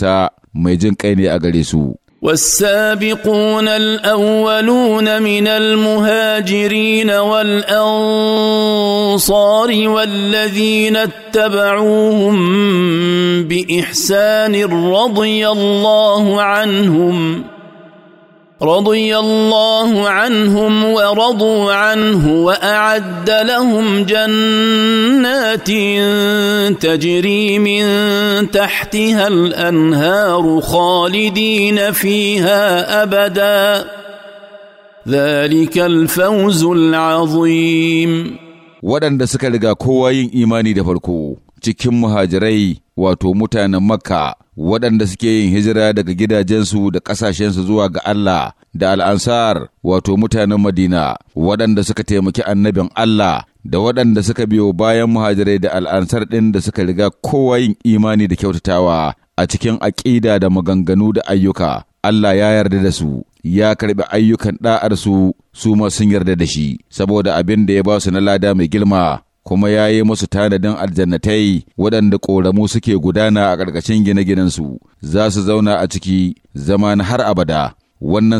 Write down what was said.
ta mai jin kai ne a gare su. والسابقون الاولون من المهاجرين والانصار والذين اتبعوهم باحسان رضي الله عنهم رضي الله عنهم ورضوا عنه واعد لهم جنات تجري من تحتها الانهار خالدين فيها ابدا ذلك الفوز العظيم waɗanda suka riga kowa yin imani da farko cikin muhajirai wato mutanen makka waɗanda suke yin hijira daga gidajensu da ƙasashensu zuwa ga Allah da al'ansar wato mutanen Madina waɗanda suka taimaki annabin Allah da waɗanda suka biyo bayan muhajirai da al'ansar ɗin da suka riga kowa yin imani da kyautatawa a cikin aƙida da maganganu da ayyuka Allah ya yarda da su ya karɓi ayyukan ɗa'arsu su ma yarda da shi saboda abin da ya ba su na lada mai girma kuma ya yi musu tanadin aljannatai waɗanda ƙoramu suke gudana a ƙarƙashin gine-ginensu za su zauna a ciki zaman har abada wannan